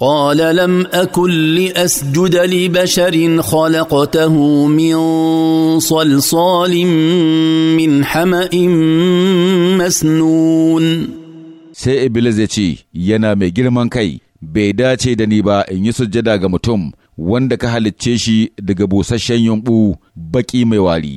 قال لم اكن لاسجد لبشر خلقته من صلصال من حما مسنون sai iblis ya ce yana mai girman kai bai dace da ni ba in yi sujjada ga mutum wanda ka halicce shi daga busasshen yumɓu baƙi mai wari